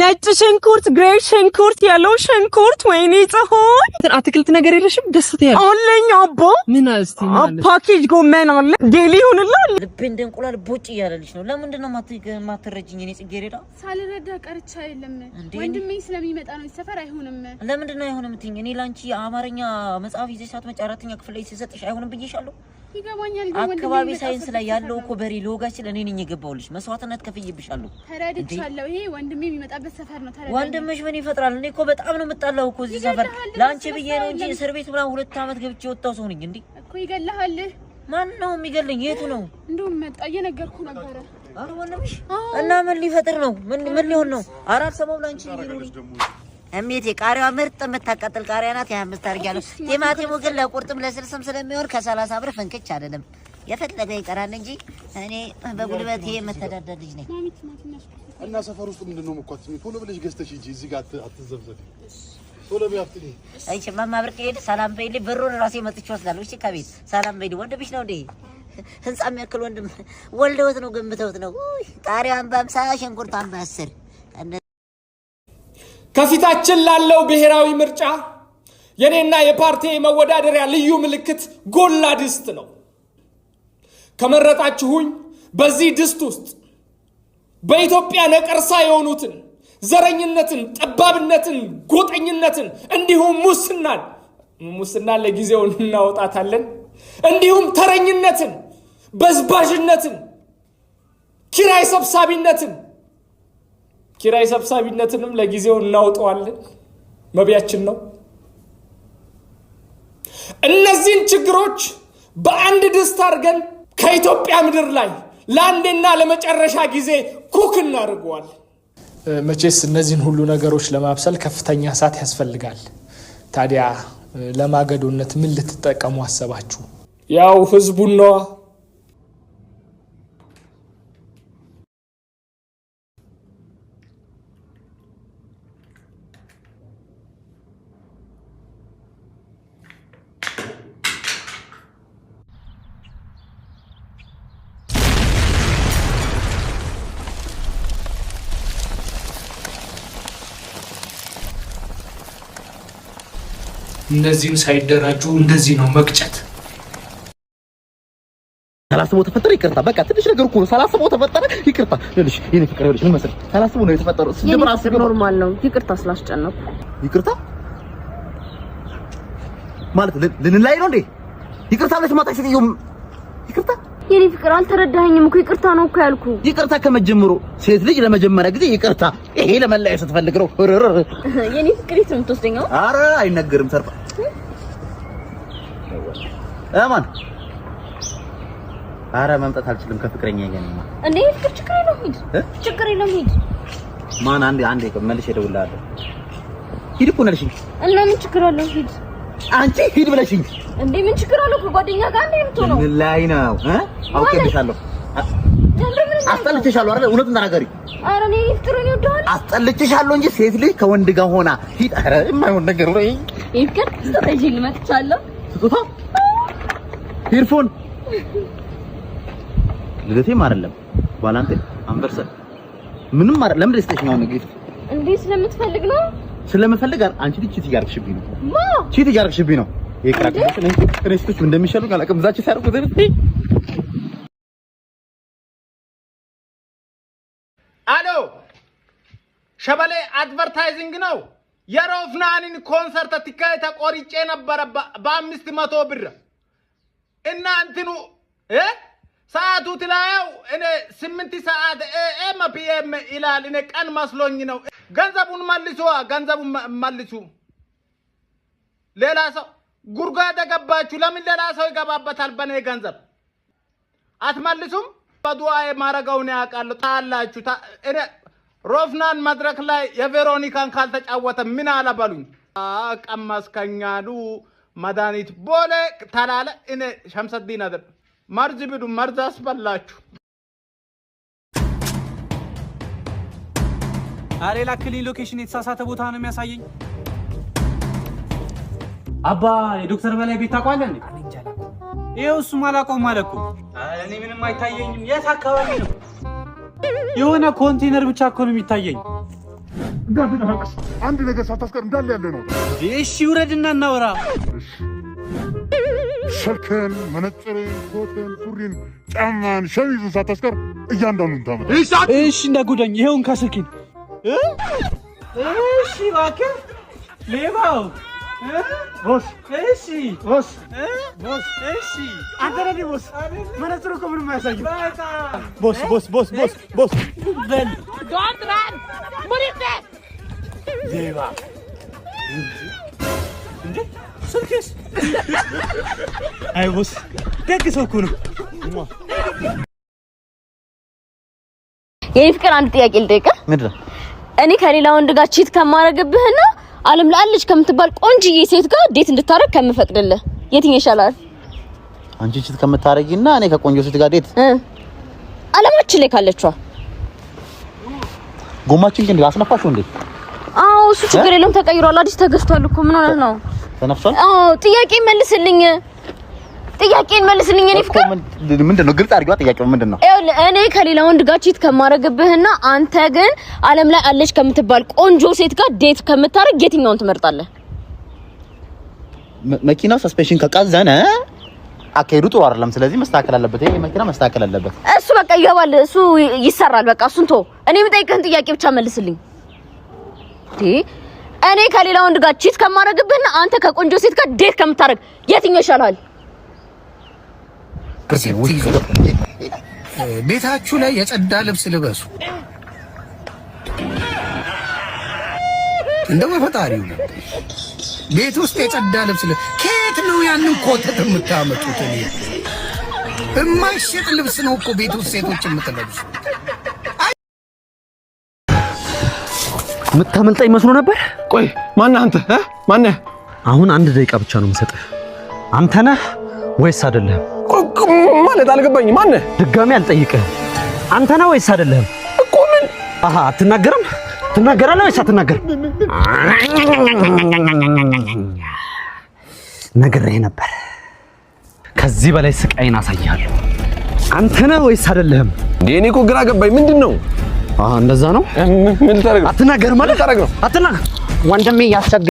ነጭ ሽንኩርት፣ ግሬ ሽንኩርት፣ የሎ ሽንኩርት። ወይኔ ጽሆን አትክልት ነገር የለሽም? ደስት ያለ አለኝ አቦ ምን አስቲ ፓኬጅ ጎመን አለ ዴሊ ይሁንላል። ልቤ እንደ እንቁላል ቦጭ እያለልሽ ነው። ለምንድን ነው ማትረጅኝ? እኔ ጽጌረዳ ሳልረዳ ቀርቻ የለም ወንድሜ ስለሚመጣ ነው። ሰፈር አይሆንም። ለምንድን ነው አይሆንም? እኔ ላንቺ የአማርኛ መጽሐፍ ይዘሽ ሳትመጪ አራተኛ ክፍል ላይ ሲሰጥሽ አይሆንም ብዬሻለሁ። ይገባኛል። አካባቢ ሳይንስ ላይ ያለው እኮ በሬ ልወጋችን እኔ ነኝ የገባሁልሽ። መስዋዕትነት ከፍዬብሻለሁ። ተረድቻለሁ። ይሄ ወንድሜ የሚመጣበት ሰፈር ነው። ተረድቻለሁ። ወንድምሽ ምን ይፈጥራል? እኔ እኮ በጣም ነው የምጣላው እኮ እዚህ ሰፈር። ለአንቺ ብዬ ነው እንጂ እስር ቤት ምናምን ሁለት ዓመት ገብቼ የወጣው ሰው ነኝ። እንዴ እኮ ይገልሃል። ማን ነው የሚገልኝ? የቱ ነው? እንደውም መጣ እየነገርኩ ነበረ። አረ ወንድምሽ እና ምን ሊፈጥር ነው? ምን ምን ሊሆን ነው? አራት ሰማው ላንቺ ይሉኝ እሜቴ የቃሪዋ ምርጥ የምታቃጥል ቃሪያ ናት። የአምስት አድርጊያለሁ። ቲማቲሙ ግን ለቁርጥም ለስልስም ስለሚሆን ከሰላሳ ብር ፍንክች አይደለም። የፈለገ ይቀራል እንጂ እኔ በጉልበት የምተዳደር ልጅ ነኝ። እና ሰፈር ውስጥ ምንድን ነው የምኳት? ቶሎ ብለሽ ገዝተሽ እንጂ እዚህ ጋር አትዘብዘብ። ቶሎ ብዬሽ እሺ እማማ ብርቅ ሄድ ሰላም በይል። ብሩን ራሴ መጥቼ እወስዳለሁ። እሺ ከቤት ሰላም በይልኝ። ወንድምሽ ነው እንዴ? ህንጻ የሚያክል ወንድም ወልደውት ነው ገንብተውት ነው። ቃሪያውን በአምሳ አንባ በአስር ከፊታችን ላለው ብሔራዊ ምርጫ የኔና የፓርቲ መወዳደሪያ ልዩ ምልክት ጎላ ድስት ነው። ከመረጣችሁኝ በዚህ ድስት ውስጥ በኢትዮጵያ ነቀርሳ የሆኑትን ዘረኝነትን፣ ጠባብነትን፣ ጎጠኝነትን እንዲሁም ሙስናን ሙስናን ለጊዜው እናወጣታለን እንዲሁም ተረኝነትን፣ በዝባዥነትን፣ ኪራይ ሰብሳቢነትን ኪራይ ሰብሳቢነትንም ለጊዜው እናውጠዋለን፣ መብያችን ነው። እነዚህን ችግሮች በአንድ ድስት አድርገን ከኢትዮጵያ ምድር ላይ ለአንዴና ለመጨረሻ ጊዜ ኩክ እናድርገዋለን። መቼስ እነዚህን ሁሉ ነገሮች ለማብሰል ከፍተኛ እሳት ያስፈልጋል። ታዲያ ለማገዶነት ምን ልትጠቀሙ አሰባችሁ? ያው ህዝቡን ነዋ። እነዚህን ሳይደራጁ እንደዚህ ነው መቅጨት። ሳላስቦ ተፈጠረ፣ ይቅርታ። በቃ ትንሽ ነገር እኮ ነው። ሳላስቦ ተፈጠረ፣ ይቅርታ። ልልሽ ይሄን ፍቅር ልልሽ ምን መሰለሽ፣ ሳላስቦ ነው የተፈጠረው። ስጀምር አስቤ ኖርማል ነው። ይቅርታ ስላስጨነኩ። ይቅርታ ማለት ልንላይ ነው እንዴ? ይቅርታ ብለሽ ማታክሲ ይቅርታ የኔ ፍቅር አልተረዳኸኝም እኮ ይቅርታ ነው እኮ ያልኩ። ይቅርታ ከመጀመሩ ሴት ልጅ ለመጀመሪያ ጊዜ ይቅርታ ይሄ ለመለያየት ስትፈልግ ነው። የኔ ፍቅር የት ነው የምትወስደኛው? ኧረ አይነገርም። ሰርፋ አማን አረ መምጣት አልችልም ከፍቅረኛ ይገኝ እንዴ ፍቅር ችግር የለውም ሂድ፣ ችግር የለውም ሂድ። ማን አንዴ አንዴ መልሼ እደውልልሃለሁ። ሂድ እኮ ነልሽኝ እና ምን ችግር አለው ሂድ አንቺ ሂድ ብለሽኝ እንዴ? ምን ችግር አለው? ከጓደኛ ጋር እንዴ የምትሆነው ምን ላይ ነው? አውቄብሻለሁ፣ አስጠልቼሻለሁ አይደል? እውነቱን ተናገሪ። ኧረ እኔ ፍቅርን ይወደዋል። አስጠልቼሻለሁ እንጂ ሴት ልጅ ከወንድ ጋር ሆና ሂድ። ኧረ የማይሆን ነገር ነው ይፍቅር ከት ተጠይቂ ልመጥቻለሁ። ስጦታ ሄድፎን ልደቴም አይደለም ባላንቴ አንበርሰ ምንም አይደለም። ለምን ደስተሽ ነው? እንዴ ስለምትፈልግ ነው ስለመፈለግ አንቺ ልጅ ቺት እያደረግሽብኝ ነው። ማ ቺት እያደረግሽብኝ ነው። እንደሚሸሉ አላውቅም። እዛች ሲያደርጉ አሎ ሸበሌ አድቨርታይዚንግ ነው። የሮፍናኒን ኮንሰርት ትኬት ቆርጬ ነበረ በአምስት መቶ ብር እና እንትኑ ሰዓቱ ትላየው እኔ ስምንት ሰዓት ኤኤም ፒኤም ይላል። እኔ ቀን መስሎኝ ነው። ገንዘቡን መልሶ ገንዘቡን መልሱ። ሌላ ሰው ጉርጓደ ገባችሁ። ለምን ሌላ ሰው ይገባበታል? በእኔ ገንዘብ አትመልሱም። በዱዓ የማረገውን ያውቃለሁ። ታላችሁ እኔ ሮፍናን መድረክ ላይ የቬሮኒካን ካልተጫወተ ምን አለ በሉኝ። መድኃኒት ቦሌ ተላለ እኔ ሸምሰዲን አደር መርዝ ብሉ፣ መርዝ አስበላችሁ። አሬ ላክልኝ ሎኬሽን፣ የተሳሳተ ቦታ ነው የሚያሳየኝ። አባ የዶክተር በላይ ቤት ታውቀዋለህ? ይኸው እሱ ማላቆም አለ እኮ። እኔ ምንም አይታየኝም። የት አካባቢ ነው? የሆነ ኮንቴነር ብቻ እኮ ነው የሚታየኝ። አንድ ነገር ሳታስቀር እንዳለ ያለ ነው። እሺ ውረድና እናውራ። ስልክን፣ መነጽርን ኮትን፣ ሱሪን፣ ጫማን፣ ሸሚዙን ሳታስቀር እያንዳንዱን ታመጣ። እሺ እንደ ጉደኝ ይሄውን ከስልኪን። እሺ እባክህ ሌባው። ቦስ መነጽሩ እኮ ምንም ስልክስ? አይ ቦስ ደግ ሰው እኮ ነው። የኔ ፍቅር አንድ ጥያቄ ልጠይቅህ። ምንድን እኔ ከሌላ ወንድ ጋር ቺት ከማረግብህና አለም ላለች ከምትባል ቆንጅዬ ሴት ጋር ዴት እንድታረግ ከምፈቅድልህ የትኛው ይሻላል? አንቺ ቺት ከምታረጊና እኔ ከቆንጆ ሴት ጋር ዴት ዓለማችን ላይ ካለችዋ ጎማችን ግን ላስነፋሽ እንዴ? አዎ እሱ ችግር የለውም ተቀይሯል። አዲስ ተገዝቷል እኮ ምን ሆነህ ነው? ተነፍሷል? አዎ። ጥያቄ መልስልኝ፣ ጥያቄ መልስልኝ። እኔ ፍቅር ምንድን ነው? ግልጽ አድርጊዋ። ጥያቄው ምንድን ነው? እኔ ከሌላ ወንድ ጋር ቺት ከማረግብህና አንተ ግን ዓለም ላይ አለች ከምትባል ቆንጆ ሴት ጋር ዴት ከምታረግ የትኛውን ትመርጣለህ? መኪናው ሰስፔንሽን ከቃዘነ አካሄዱ ጥሩ አይደለም። ስለዚህ መስተካከል አለበት። ይሄ መኪና መስተካከል አለበት። እሱ በቃ ይገባል፣ እሱ ይሰራል። በቃ እሱን ተወው። እኔ የምጠይቅህን ጥያቄ ብቻ መልስልኝ። እኔ ከሌላ ወንድ ጋር ቺት ከማረግብህና አንተ ከቆንጆ ሴት ጋር ዴት ከምታረግ የትኛው ይሻላል? ቤታችሁ ላይ የጸዳ ልብስ ልበሱ። እንደው በፈጣሪው ቤት ውስጥ የጸዳ ልብስ ከየት ነው ያንን ኮተት የምታመጡት? እኔ የማይሸጥ ልብስ ነው እኮ ቤት ውስጥ ሴቶች የምትለብሱ ምታመልጣ ይመስሎ ነበር። ቆይ ማነህ አንተ? ማነህ? አሁን አንድ ደቂቃ ብቻ ነው የምሰጥህ። አንተ ነህ ወይስ አይደለህም? ማለት አልገባኝ። ማነህ? ድጋሚ አልጠይቅህም። አንተ ነህ ወይስ አይደለህም? እኮ ምን? አትናገርም? ትናገራለህ ወይስ አትናገርም? ነግሬህ ነበር። ከዚህ በላይ ስቃይን አሳያለሁ። አንተ ነህ ወይስ አይደለህም? እኔ እኮ ግራ ገባኝ። ምንድን ነው አሃ፣ እንደዛ ነው። ምን ታረግ? አትናገር ማለት ታረግ ነው። አትናገር ወንድሜ